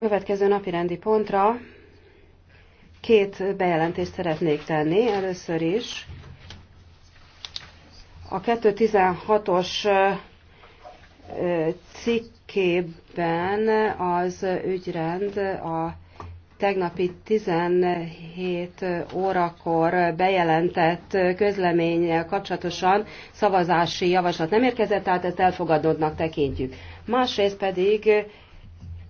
következő napi rendi pontra két bejelentést szeretnék tenni. Először is a 2016 os cikkében az ügyrend a tegnapi 17 órakor bejelentett közleménnyel kapcsolatosan szavazási javaslat nem érkezett, tehát ezt elfogadódnak tekintjük. Másrészt pedig